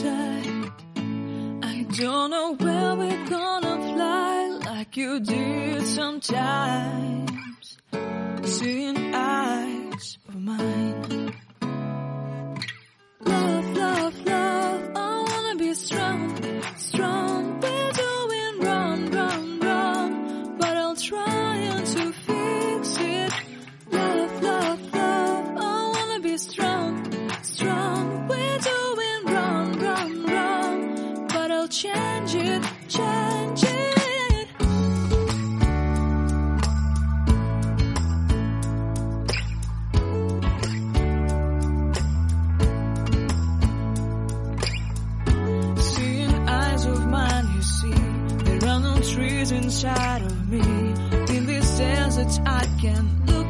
side. I don't know where we're gonna fly like you did sometimes. Seeing eyes of mine. Love, love, love. I wanna be strong, strong. We're doing wrong, wrong, wrong. But I'll try and to inside of me. In this desert, I can lose.